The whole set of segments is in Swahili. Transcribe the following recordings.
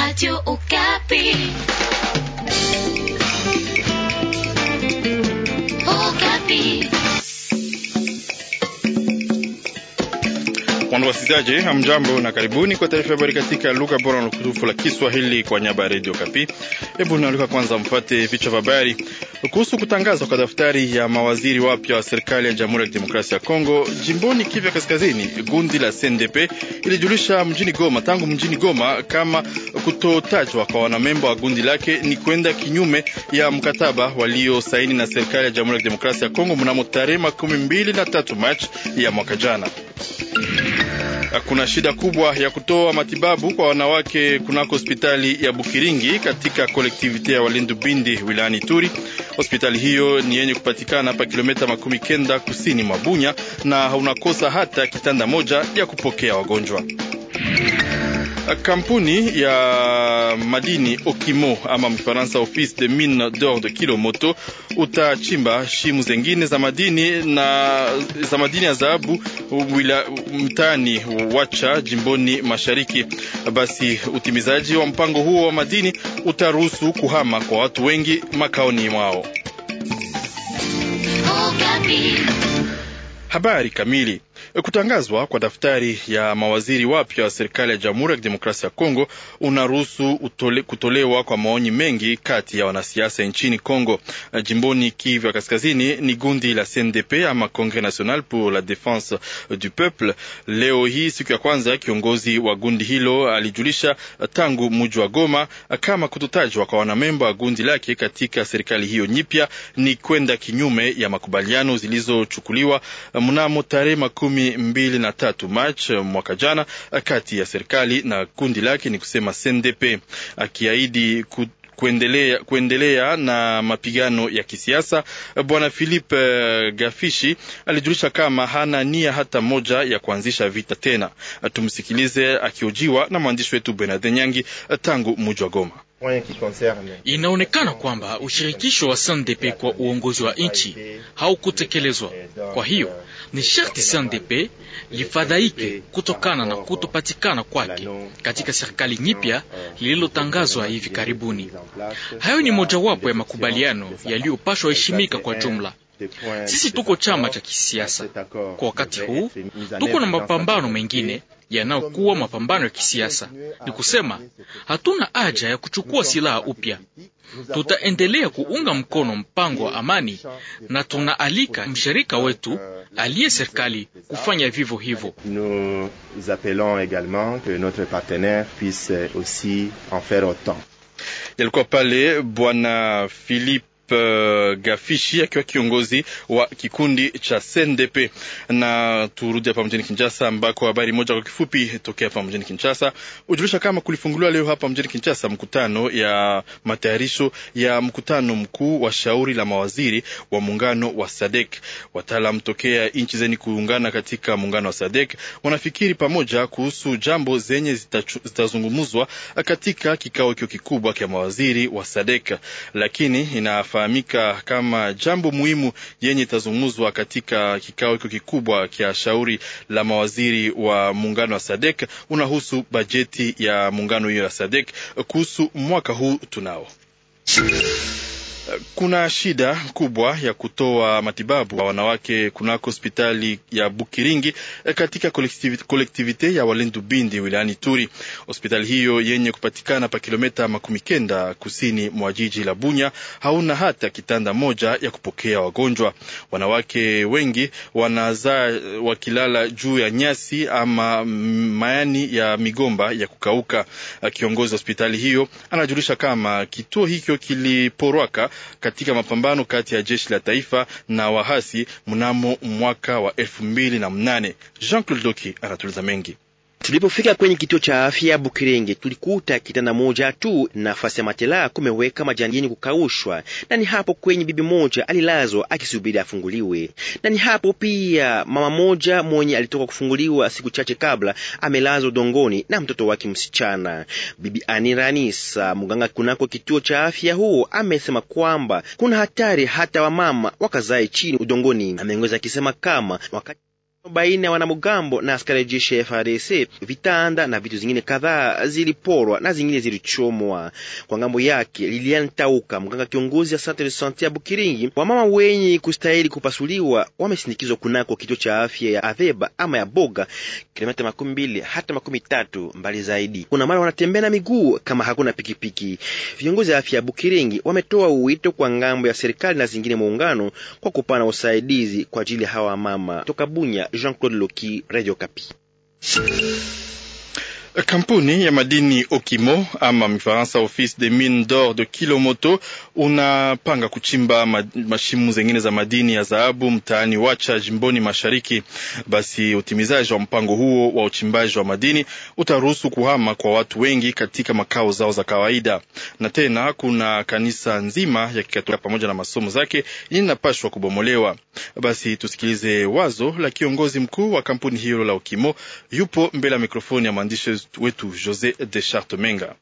Radio Okapi. Wapendwa wasikilizaji, hamjambo na karibuni kwa taarifa habari katika lugha bora na tukufu la Kiswahili kwa nyaba ya Radio Kapi. Hebu naalika kwanza mpate vichwa vya habari kuhusu kutangazwa kwa daftari ya mawaziri wapya wa serikali ya Jamhuri ya Kidemokrasia ya Kongo jimboni Kivu Kaskazini. Gundi la CNDP ilijulisha mjini Goma tangu mjini Goma kama kutotajwa kwa wanamemba wa gundi lake ni kwenda kinyume ya mkataba waliosaini na serikali ya Jamhuri ya Kidemokrasia ya Kongo mnamo tarehe makumi mbili na tatu Machi ya mwaka jana. Kuna shida kubwa ya kutoa matibabu kwa wanawake kunako hospitali ya Bukiringi katika kolektivite ya Walindu Bindi wilayani turi Hospitali hiyo ni yenye kupatikana hapa kilomita makumi kenda kusini mwa Bunya na unakosa hata kitanda moja ya kupokea wagonjwa. Eh, kampuni ya madini Okimo ama mfaransa Office de Mine d'Or de Kilomoto utachimba shimu zengine za madini na za madini ya dhahabu mtaani Wacha jimboni mashariki. Basi utimizaji wa mpango huo wa madini utaruhusu kuhama kwa watu wengi makaoni mwao. Oh, Habari kamili Kutangazwa kwa daftari ya mawaziri wapya wa serikali ya Jamhuri ya Kidemokrasia ya Kongo unaruhusu utole, kutolewa kwa maoni mengi kati ya wanasiasa nchini Kongo. Eh, jimboni Kivu ya Kaskazini ni gundi la CNDP ama Congre National pour la Defense du Peuple. Leo hii siku ya kwanza, kiongozi wa gundi hilo alijulisha tangu mji wa Goma kama kutotajwa kwa wanamemba wa gundi lake katika serikali hiyo nyipya ni kwenda kinyume ya makubaliano zilizochukuliwa mnamo tarehe makumi makumi mbili na tatu Machi mwaka jana kati ya serikali na kundi lake ni kusema CNDP, akiahidi ku kuendelea, kuendelea na mapigano ya kisiasa. Bwana Philip eh, Gafishi alijulisha kama hana nia hata moja ya kuanzisha vita tena. Tumsikilize akiojiwa na mwandishi wetu Benard Nyangi eh, tangu mji wa Goma. Inaonekana kwamba ushirikisho wa SNDP kwa uongozi wa nchi haukutekelezwa. Kwa hiyo ni sharti SNDP lifadhaike kutokana na kutopatikana kwake katika serikali nyipya lililotangazwa hivi karibuni. Hayo ni mojawapo ya makubaliano yaliyopashwa heshimika kwa jumla. Sisi tuko chama cha kisiasa kwa wakati huu, tuko na mapambano mengine yanayokuwa mapambano ya kisiasa. Ni kusema hatuna haja ya kuchukua silaha upya, tutaendelea kuunga mkono mpango wa amani, na tunaalika mshirika wetu aliye serikali kufanya vivyo hivyo. Nous appelons également que notre partenaire puisse aussi en faire autant. Yalikuwa pale Bwana Philip Philippe euh, Gafishi akiwa kiongozi wa kikundi cha CNDP. Na turudi hapa mjini Kinshasa, ambako habari moja kwa kifupi tokea hapa mjini Kinshasa ujulisha kama kulifunguliwa leo hapa mjini Kinshasa mkutano ya matayarisho ya mkutano mkuu wa shauri la mawaziri wa muungano wa SADC. Wataalam tokea nchi zenye kuungana katika muungano wa SADC wanafikiri pamoja kuhusu jambo zenye zitazungumzwa zita katika kikao hicho kikubwa cha mawaziri wa SADC, lakini ina inafahamika kama jambo muhimu yenye itazungumzwa katika kikao hiko kikubwa kia shauri la mawaziri wa muungano wa Sadek. Unahusu bajeti ya muungano hiyo ya Sadek kuhusu mwaka huu tunao kuna shida kubwa ya kutoa matibabu kwa wanawake kunako hospitali ya Bukiringi eh, katika kolektivite ya Walendu Bindi wilayani Turi. Hospitali hiyo yenye kupatikana pa kilometa makumi kenda kusini mwa jiji la Bunya hauna hata kitanda moja ya kupokea wagonjwa. Wanawake wengi wanazaa eh, wakilala juu ya nyasi ama mm, mayani ya migomba ya kukauka. Kiongozi wa hospitali hiyo anajulisha kama kituo hicho kiliporwaka katika mapambano kati ya jeshi la taifa na wahasi mnamo mwaka wa elfu mbili na mnane. Jean Claude Loki anatuliza mengi Tulipofika kwenye kituo cha afya Bukirenge tulikuta kitanda moja tu, nafasi ya matela kumeweka yenye kukaushwa, na ni hapo kwenye bibi moja alilazwa akisubiri afunguliwe, na ni hapo pia mama moja mwenye alitoka kufunguliwa siku chache kabla amelazwa udongoni na mtoto wake msichana. Bibi Aniranisa, mganga kunako kituo cha afya huo, amesema kwamba kuna hatari hata wamama wakazae chini udongoni. Ameongeza akisema kama wakati baina ya wanamgambo na askari jeshi ya FRDC. Vitanda na vitu zingine kadhaa ziliporwa na zingine zilichomwa. Kwa ngambo yake, Lilian Tauka, mganga kiongozi ya Centre de Santé ya Bukiringi, wamama wenye kustahili kupasuliwa wamesindikizwa kunako kituo cha afya ya Aveba ama ya Boga, kilomita makumi mbili hata makumi tatu mbali zaidi. Kuna mara wanatembea na miguu kama hakuna pikipiki. Viongozi wa afya ya Bukiringi wametoa wito kwa ngambo ya serikali na zingine muungano kwa kupana usaidizi kwa ajili ya hawa mama toka Bunya. Jean-Claude Loki, Radio Kapi. Kampuni ya madini Okimo ama Mfaransa Office des mines d'or de Kilomoto unapanga kuchimba mashimu zengine za madini ya dhahabu mtaani Wacha jimboni mashariki. Basi utimizaji wa mpango huo wa uchimbaji wa madini utaruhusu kuhama kwa watu wengi katika makao zao za kawaida, na tena kuna kanisa nzima ya Kikatoliki pamoja na masomo zake inapashwa kubomolewa. Basi tusikilize wazo la kiongozi mkuu wa kampuni hiyo la Ukimo, yupo mbele ya mikrofoni ya mwandishi wetu Jose Deschartes Menga.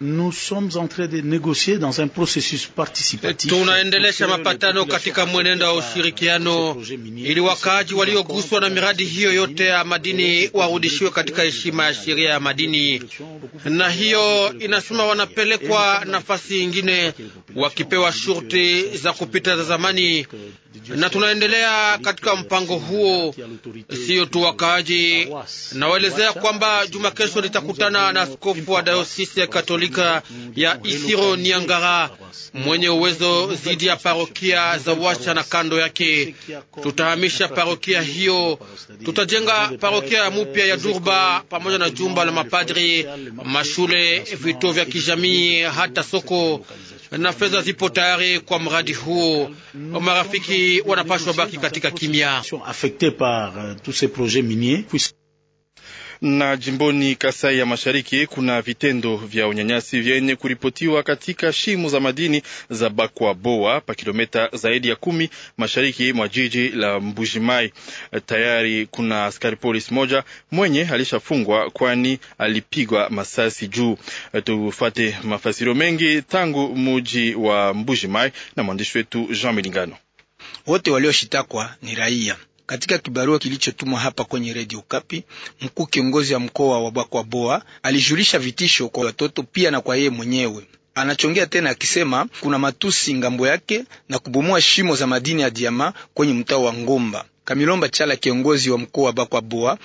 Nous sommes en train de négocier dans un processus participatif. Tunaendelesha mapatano katika mwenendo wa ushirikiano ili wakaaji walioguswa na miradi hiyo yote ya madini warudishiwe katika heshima ya sheria ya madini, na hiyo inasema wanapelekwa nafasi ingine wakipewa shurti za kupita za zamani. Euh, na tunaendelea katika mpango huo, siyo tu wakaaji. Nawaelezea kwamba juma kesho nitakutana na askofu wa dayosisi ya Katolika ya Isiro Niangara mwenye uwezo zidi ya parokia za Wacha na kando yake. Tutahamisha parokia hiyo, tutajenga parokia ya mupya ya Durba pamoja na jumba la mapadri, mashule, vituo vya kijamii, hata soko na fedha zipo tayari kwa mradi huo. Marafiki wanapashwa baki katika kimya. Na jimboni Kasai ya Mashariki kuna vitendo vya unyanyasi vyenye kuripotiwa katika shimo za madini za Bakwa Boa pa kilometa zaidi ya kumi mashariki mwa jiji la Mbujimai. Tayari kuna askari polisi moja mwenye alishafungwa kwani alipigwa masasi juu. Tufate mafasirio mengi tangu muji wa Mbujimai na mwandishi wetu Jean Milingano. Wote walioshitakwa ni raia katika kibarua kilichotumwa hapa kwenye redio Kapi, mkuu kiongozi wa mkoa wa Bwakwaboa alijulisha vitisho kwa watoto pia na kwa yeye mwenyewe. Anachongea tena akisema kuna matusi ngambo yake na kubomoa shimo za madini ya diama kwenye mtaa wa Ngomba. Kamilomba Chala, kiongozi wa mkoa wa Bakwaboa,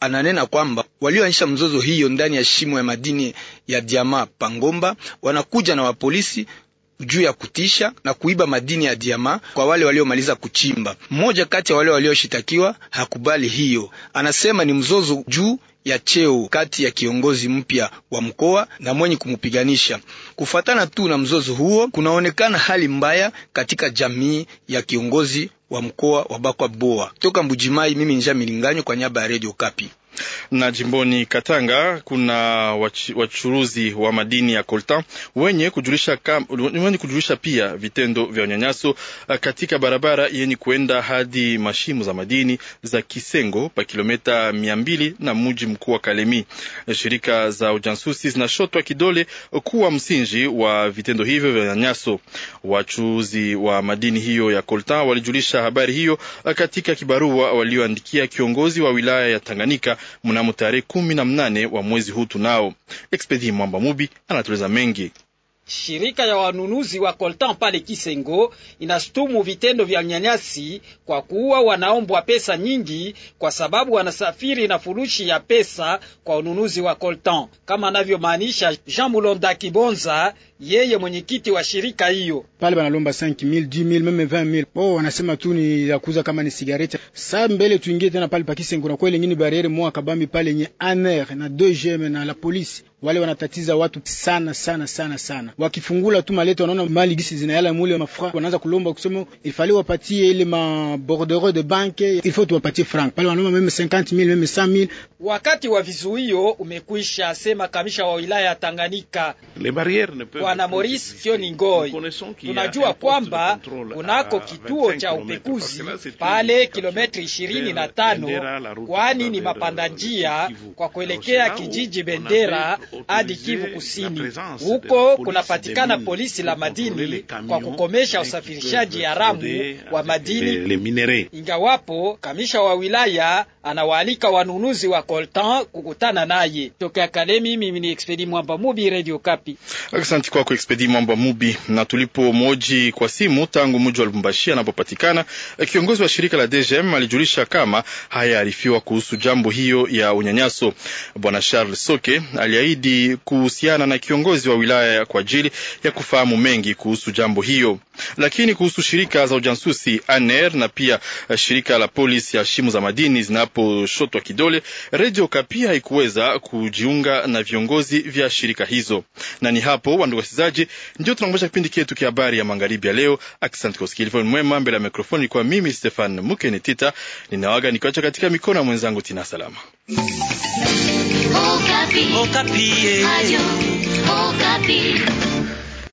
ananena kwamba walioanisha mzozo hiyo ndani ya shimo ya madini ya diama Pangomba wanakuja na wapolisi juu ya kutisha na kuiba madini ya diama kwa wale waliomaliza kuchimba. Mmoja kati ya wale walioshitakiwa hakubali hiyo, anasema ni mzozo juu ya cheo kati ya kiongozi mpya wa mkoa na mwenye kumupiganisha. Kufatana tu na mzozo huo, kunaonekana hali mbaya katika jamii ya kiongozi wa mkoa wa Bakwa Boa. Toka Mbujimai, mimi ni milinganyo kwa niaba ya Radio Kapi. Na jimboni Katanga kuna wachuruzi wa madini ya coltan wenye kujulisha, kam, wenye kujulisha pia vitendo vya unyanyaso eh, katika barabara yenye kuenda hadi mashimo za madini za Kisengo pa kilometa mia mbili na mji mkuu wa Kalemi. Eh, shirika za ujasusi zinashotwa kidole kuwa msingi wa vitendo hivyo vya unyanyaso. Wachuruzi wa madini hiyo ya coltan walijulisha habari hiyo eh, katika kibarua walioandikia kiongozi wa wilaya ya Tanganyika mnamo tarehe kumi na mnane wa mwezi huu tunao. Expedi Mwamba Mubi anatueleza mengi. Shirika ya wanunuzi wa coltan pale Kisengo inashutumu vitendo vya unyanyasi kwa kuwa wanaombwa pesa nyingi kwa sababu wanasafiri na furushi ya pesa kwa ununuzi wa coltan, kama anavyomaanisha Jean Mulonda Kibonza, yeye mwenyekiti wa shirika hiyo. Pale banalomba 5000 10000 meme 20000 wao wanasema tu ni ya kuuza kama ni sigareti. Saa mbele tuingie tena pale pakisengo na kweli ngine barriere mwa kabambi pale nye aner na 2gm na la police wale wanatatiza watu sana sana sana sana. Wakifungula tu maleta, wanaona mali gisi zinayala mule mafra, wanaanza kulomba kusema il fallait wapatie ile ma bordereau de banque, il faut tuwapatie franc pale, wanaomba meme 50000 meme 100000. Wakati wa vizuio umekwisha, sema kamisha wa wilaya ya Tanganyika, le barrières ne peut Bwana Maurice Sioni Ngoi. Tunajua kwamba kunako kituo cha upekuzi pale kilometri ishirini na tano, kwani ni mapanda njia kwa kuelekea kijiji Bendera hadi Kivu Kusini. Huko kunapatikana polisi la madini kwa kukomesha usafirishaji haramu wa madini, ingawapo kamisha wa wilaya anawaalika wanunuzi wa coltan kukutana naye. Tokea Kalemi, mimi ni Expedi Mwamba Mubi, Radio Kapi. Asante kwako Expedi Mwamba Mubi. Na tulipo moji kwa simu tangu mji wa Lubumbashi anapopatikana, kiongozi wa shirika la DGM alijulisha kama hayaarifiwa kuhusu jambo hiyo ya unyanyaso. Bwana Charles Soke aliahidi kuhusiana na kiongozi wa wilaya kwa ajili ya kufahamu mengi kuhusu jambo hiyo, lakini kuhusu shirika za ujansusi ANR na pia shirika la polisi ya shimu za madini zina kushoto kidole, Redio Kapi haikuweza kujiunga na viongozi vya shirika hizo. Na ni hapo wandugu wasikilizaji, ndio tunaongoza kipindi kietu kia habari ya magharibi ya leo. Asante kwa usikilivu mwema. Mbele ya mikrofoni kwa mimi Stefan Mukeni Tita, ninawaga nikiwacha katika mikono ya mwenzangu Tina Salama. Oh, Ayo,